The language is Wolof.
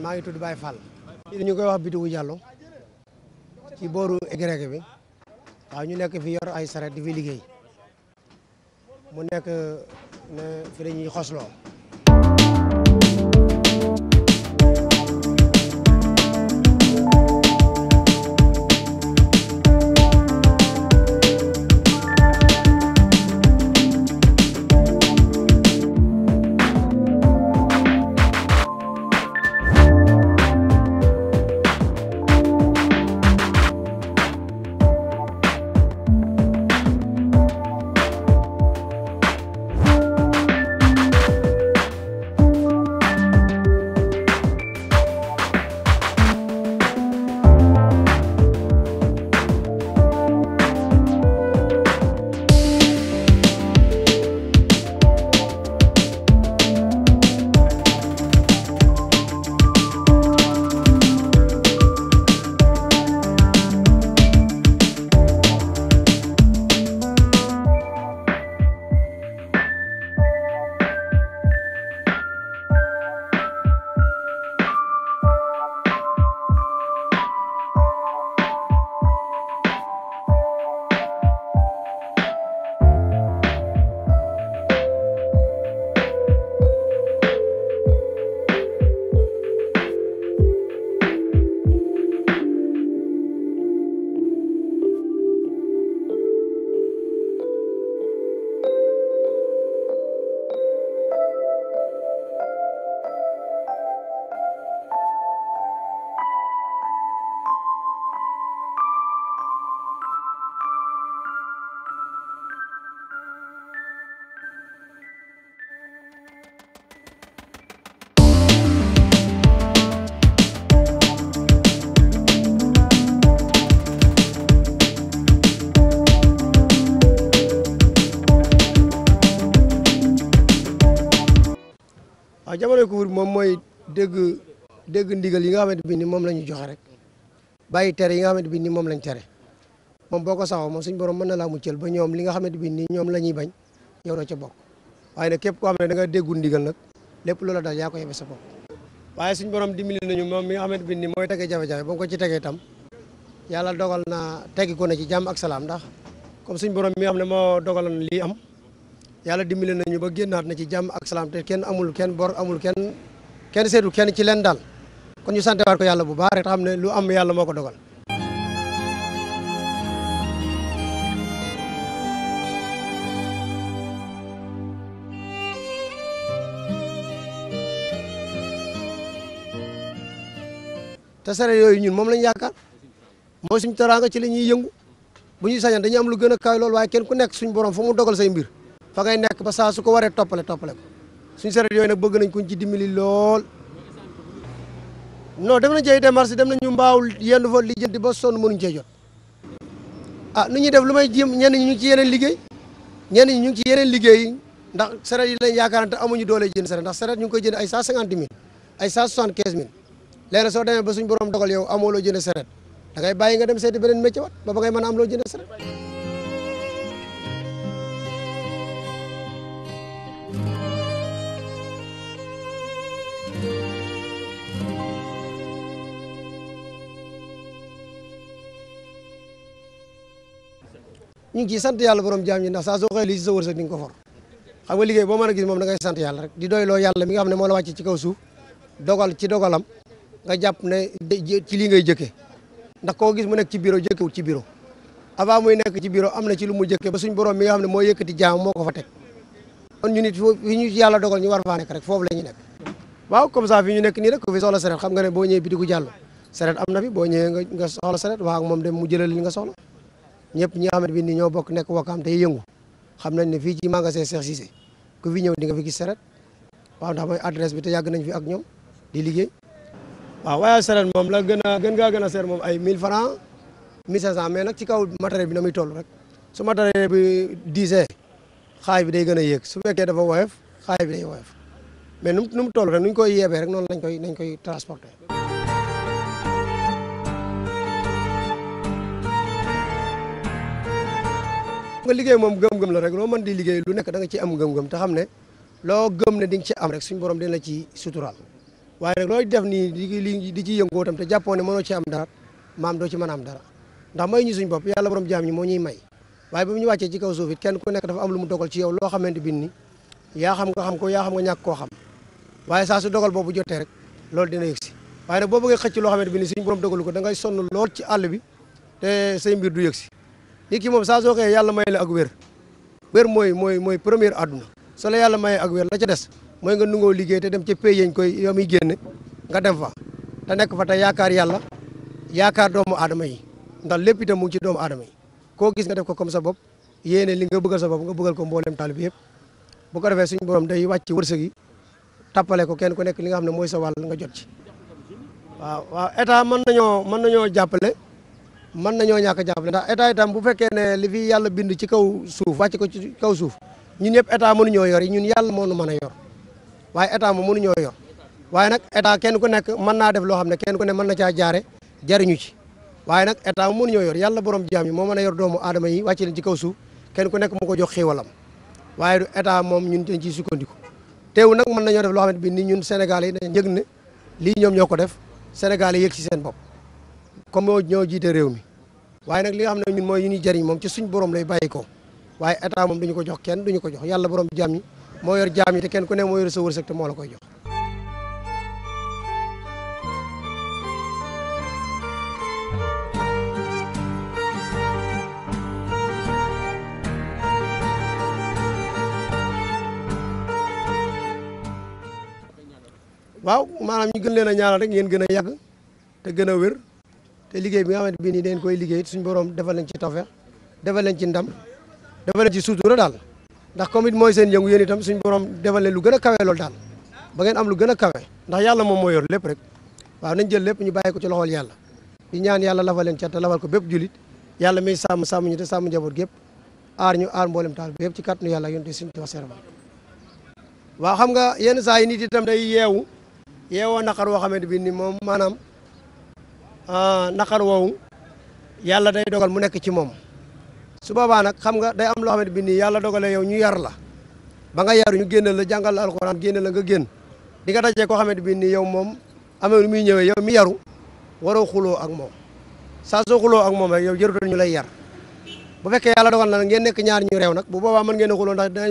maa ngi tudd Baye Fall. ñu koy wax bitigu Diallo ci booru Egreg bi waaw ñu nekk fi yor ay saret di fi liggéey mu nekk ne fi la ñuy xosloo. waaw jamono couvre moom mooy dégg dégg ndigal yi nga xamante bi nii moom la ñu joxe rek bay tere yi nga xamante bi nii moom lañ tere moom boo ko saxoo moom suñ borom mën na laa muccal ba ñoom li nga xamante bi ni ñoom la bañ yow doo bokk waaye nag képp koo xam ne da nga déggul ndigal nag lépp loola daal yaa ko yebe sa bopp waaye suñ borom dimbali nañu moom mi nga xamante bi nii mooy tege jafe-jafe boo mu ko ci tegee itam yàlla dogal naa teggi ko na ci jàmm ak salaam ndax comme suñ borom mi nga xam ne moo dogaloon lii am yàlla dimbali nañu ba génnaat na ci jàmm ak salaam te kenn amul kenn bor amul kenn kenn seetul kenn ci leen daal kon ñu santewaat ko yàlla bu baax rek xam ne lu am yàlla moo ko dogal. te sare yooyu ñun moom lañu yaakaar moo suñu teraanga ci la ñuy yëngu bu ñu sañan dañuy am lu gën a kaay lool waaye kenn ku nekk suñu borom fa mu dogal say mbir fa ngay nekk ba saa su ko waree toppale toppale ko suñu saret yooyu nag bëgg nañ kuñ ci dimbali lool noo dem nañ cey démarche dem nañu mbaawul yenn fa lijjanti ba son mënuñ cee jot a ah, nu ñu def lu may jéem ñenn ñi ñu ngi yeneen liggéey ñenn ñi ñu ngi ci yeneen liggéey ndax saret yi lañ yaakaarante amuñu doole jënd saret ndax saret ñu ngi koy jënd ay cent cinquante mille ay cent soixante quinze mille léegi soo demee ba suñ borom dogal yow amoo loo jënd saret da ngay bàyyi nga dem seeti beneen métier wat ba ba am loo jënd saret ñu ngi sant yàlla borom jaam ñi ndax saa soo xëy li si sa wërsëg boo mën a gis moom da ngay sant yàlla rek di doyloo yàlla mi nga ne ci kaw suuf dogal ci dogalam nga jàpp ne ci lii ngay jëkke ndax mu nekk ci bureau jëkkewut am ne moo yëkkati jaam moo ko fa teg kon am na fi boo ñëwee nga soxla saret waa ak moom dem mu jëlal nga soxla ñëpp ñi nga xamante bi ni ñoo bokk nekk Wakaam tey yëngu xam nañ ne fii ci magasin Cheikh Cissé ku fi ñëw di nga fi gis saret waaw ndax mooy adresse bi te yàgg nañ fi ak ñoom di liggéey waaw waaye saret moom la gën a gën ngaa gën a seer moom ay mille 1000 francs 1500 mais nag ci kaw matériel bi na muy toll rek su matériel bi diisee xaay bi day gën a yéeg su fekkee dafa woyof xaay bi day woyof mais nu mu nu mu toll rek nu ñu koy yeebee rek noonu lañ koy nañ koy transporter nga liggéey moom gëm-gëm la rek loo mën di liggéey lu nekk da nga ci am gëm-gëm te xam ne loo gëm ne di ci am rek suñu borom dina ci suturaal waaye nag looy def nii di di ci yëngoo tam te jàppoo ne mënoo ci am dara maam doo ci mën am dara ndax may ñu suñ bopp yàlla borom jaam ñi moo ñuy may waaye ba mu ñu wàccee ci kaw suuf kenn ku nekk dafa am lu mu dogal ci yow loo xamante bin ni yaa xam nga xam ko yaa xam nga ñàkk koo xam waaye saa su dogal boobu jotee rek loolu dina yëg si waaye nag boo bëggee xëcc loo xamante ni suñ borom dogalu ko da ngay sonn lool ci àll bi te mbir du yëg si nit ki moom saa soo xëyee yàlla may la ak wér wér mooy mooy mooy première àdduna soo la yàlla mayee ak wér la ca des mooy nga nungoo liggéey te dem ca pays yañ koy yoo muy génn nga dem fa te nekk fa te yaakaar yàlla yaakaar doomu adama yi ndax lépp itam mu ngi ci doomu aadama yi koo gis nga def ko comme sa bopp yéene li nga bëggal sa bopp nga bëggal ko mboolem taalibe yëpp bu ko defee suñu borom day wàcc wërsëg yi tappale ko kenn ku nekk li nga xam ne mooy sa wàll nga jot ci waaw waaw état mën mën ñoo ñàkk a jàppale ndax état itam bu fekkee ne li fi yàlla bind ci kaw suuf wàcc ko ci kaw suuf ñun ñëpp état mënuñoo yor ñun yàlla moo nu mën a yor waaye état moom mënuñoo yor waaye nag état kenn ku nekk mën naa def loo xam ne kenn ku ne mën na caa jaare jariñu ci waaye nag état moom mënuñoo yor yàlla borom jaam yi moo mën a yor doomu aadama yi wàcc leen ci kaw suuf kenn ku nekk mu ko jox xiiwalam waaye du état moom ñun dañ ciy te teewu nag mën ñoo def loo ne bi ni ñun Sénégal yi dañ yëg ne lii ñoom ñoo ko def Sénégal yi yëg ci seen bopp comme ñoo jiite réew mi waaye nag xam ne mooy yu ñuy jëriñ moom ci suñ borom lay bàyyi ko waaye état moom duñu ko jox kenn duñu ko jox yàlla borom jaam yi moo yor jaam yi ne moo yor sa wërsëg te moo la koy jox waaw maanaam ñu gën leen a ñaanal rek ngeen gën a yàgg te gën a wér te liggéey bi nga xamante bii nii dañ koy liggéey suñu borom defal nañ ci tawfeex defal nañ ci ndam defal nañ ci sutura daal ndax comme it mooy seen yëngu yéen tam suñu borom defal leen lu gën a kawe loolu daal ba ngeen am lu gën a kawe ndax yàlla moom moo yor lépp rek waaw nañ jël lépp ñu bàyyi ko ci loxol yàlla di ñaan yàlla lafa leen cat te lafal ko bépp julit yàlla may sam sàmm ñu te sàmm njaboot gépp aar ñu aar mboolem taal bépp ci kàttanu yàlla yonte suñu wax serba waaw xam nga yenn saa yi nit itam day yeewu yeewoo naqar woo xamante bi ni moom maanaam Ah, naqar woowu yàlla day dogal mu nekk ci moom su boobaa nag xam nga day am loo xamante bi nii yàlla dogalee yow ñu yar la ba nga yaru ñu génne la jàngal la alxuraan génne la nga génn di nga dajee koo xamante bi nii yow moom amee lu muy ñëwee yow mi yaru waroo xuloo ak moom saa soo xuloo ak moom rek yow jërutoon ñu lay yar bu fekkee yàlla dogal na ngeen nekk ñaar ñu réew nag bu boobaa mën ngeen a xuloo ndax